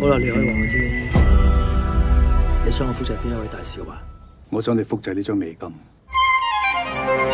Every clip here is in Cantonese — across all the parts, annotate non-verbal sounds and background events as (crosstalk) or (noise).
好啦，你可以話我，我知，你想我複製邊一位大師啊？我想你複製呢張美金。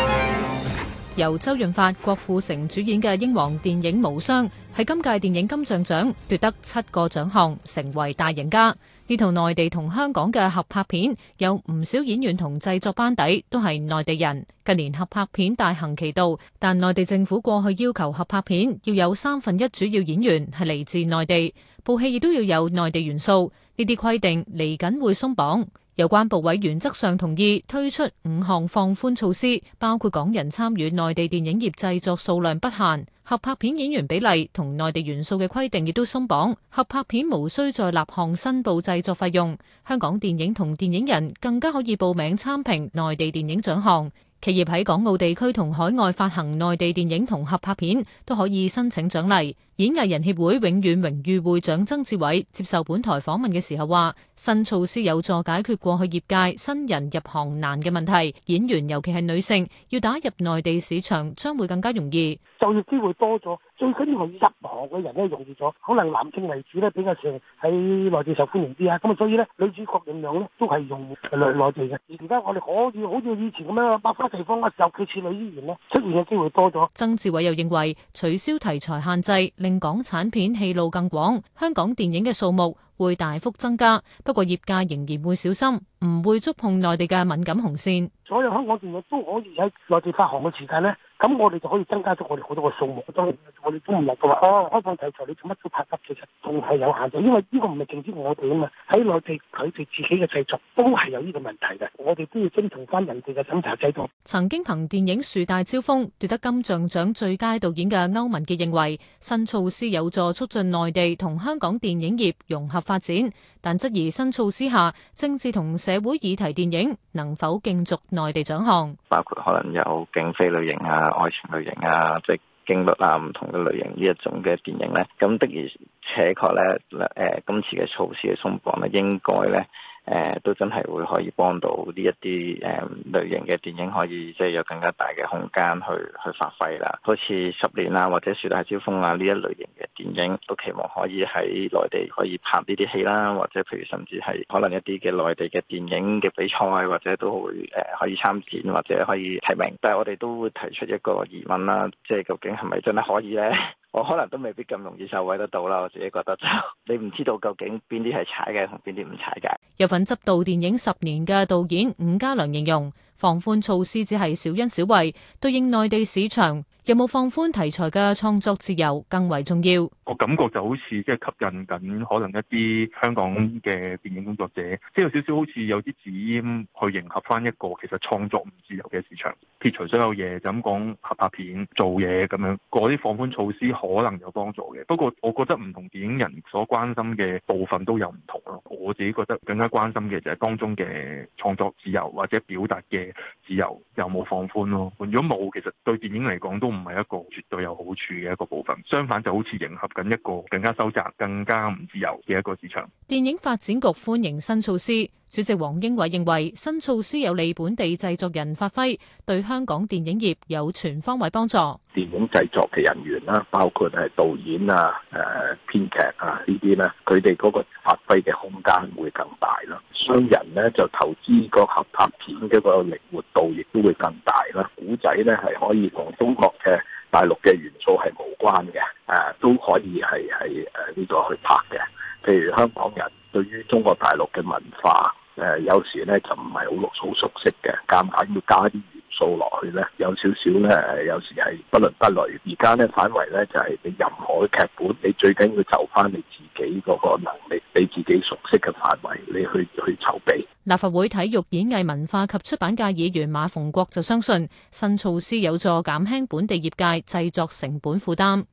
(noise) 由周潤發、郭富城主演嘅《英皇電影無雙》喺今屆電影金像獎奪得七個獎項，成為大贏家。呢套內地同香港嘅合拍片，有唔少演員同製作班底都係內地人。近年合拍片大行其道，但內地政府過去要求合拍片要有三分一主要演員係嚟自內地，部戲亦都要有內地元素。呢啲規定嚟緊會鬆綁。有關部委原則上同意推出五項放寬措施，包括港人參與內地電影業製作數量不限。合拍片演員比例同內地元素嘅規定亦都鬆綁，合拍片無需再立項申報製作費用。香港電影同電影人更加可以報名參評內地電影獎項，企業喺港澳地區同海外發行內地電影同合拍片都可以申請獎勵。演藝人協會永遠榮譽會長曾志偉接受本台訪問嘅時候話：新措施有助解決過去業界新人入行難嘅問題，演員尤其係女性要打入內地市場將會更加容易。就業機會多咗，最緊要係入行嘅人咧容易咗，可能男性為主咧比較常喺內地受歡迎啲啊，咁啊所以咧，女主角人量咧都係用內內地嘅。而家我哋可以好似以前咁樣百花齊放嘅時候，尤其係女演員咧出現嘅機會多咗。曾志偉又認為取消題材限制。港產片戲路更廣，香港電影嘅數目會大幅增加，不過業界仍然會小心，唔會觸碰內地嘅敏感紅線。所有香港電影都可以喺內地發行嘅時間呢。咁我哋就可以增加咗我哋好多嘅數目。當然我哋都唔係話，哦，開放題材，你做乜都拍得，其實仲係有限制，因為呢個唔係淨止我哋啊嘛。喺內地，佢哋自己嘅製作都係有呢個問題嘅。我哋都要尊重翻人哋嘅審查制度。曾經憑電影《樹大招風》奪得金像獎最佳導演嘅歐文傑認為，新措施有助促進內地同香港電影業融合發展，但質疑新措施下政治同社會議題電影能否競逐內地獎項。包括可能有警匪類型啊。愛情類型啊，即、就、係、是、驚慄啊，唔同嘅類型呢一種嘅電影咧，咁的而且確咧，誒、呃、今次嘅措施嘅鬆綁咧，應該咧。誒都真係會可以幫到呢一啲誒類型嘅電影，可以即係有更加大嘅空間去去發揮啦。好似十年啊，或者樹大招風啊呢一類型嘅電影，都期望可以喺內地可以拍呢啲戲啦，或者譬如甚至係可能一啲嘅內地嘅電影嘅比賽，或者都會誒可以參展或者可以提名。但係我哋都會提出一個疑問啦，即係究竟係咪真係可以呢？ (laughs) 我可能都未必咁容易受惠得到啦，我自己覺得就，你唔知道究竟邊啲係踩嘅，同邊啲唔踩嘅。有份執導電影十年嘅導演伍嘉良形容。放寬措施只係小恩小惠，對應內地市場，有冇放寬題材嘅創作自由更為重要。我感覺就好似即係吸引緊可能一啲香港嘅電影工作者，即係有少少好似有啲旨意去迎合翻一個其實創作唔自由嘅市場，撇除所有嘢就咁講合拍片做嘢咁樣，嗰啲放寬措施可能有幫助嘅。不過我覺得唔同電影人所關心嘅部分都有唔同咯。我自己覺得更加關心嘅就係當中嘅創作自由或者表達嘅。自由又有冇放寬咯？如果冇，其實對電影嚟講都唔係一個絕對有好處嘅一個部分。相反，就好似迎合緊一個更加收窄，更加唔自由嘅一個市場。電影發展局歡迎新措施。主席王英偉認為新措施有利本地製作人發揮，對香港電影業有全方位幫助。電影製作嘅人員啦，包括係導演、呃、啊、誒編劇啊呢啲咧，佢哋嗰個發揮嘅空間會更大啦，商人咧就投資個合拍片嘅個靈活度亦都會更大啦。古仔咧係可以同中國嘅大陸嘅元素係無關嘅，誒、呃、都可以係係誒呢個去拍嘅，譬如香港人。中國大陸嘅文化，誒有時咧就唔係好熟好熟悉嘅，夾硬要加啲元素落去咧，有少少咧，有時係不倫不類。而家咧反為咧就係你任何劇本，你最緊要就返你自己嗰個能力，你自己熟悉嘅範圍，你去去籌備。立法會體育、演藝、文化及出版界議員馬逢國就相信新措施有助減輕本地業界製作成本負擔。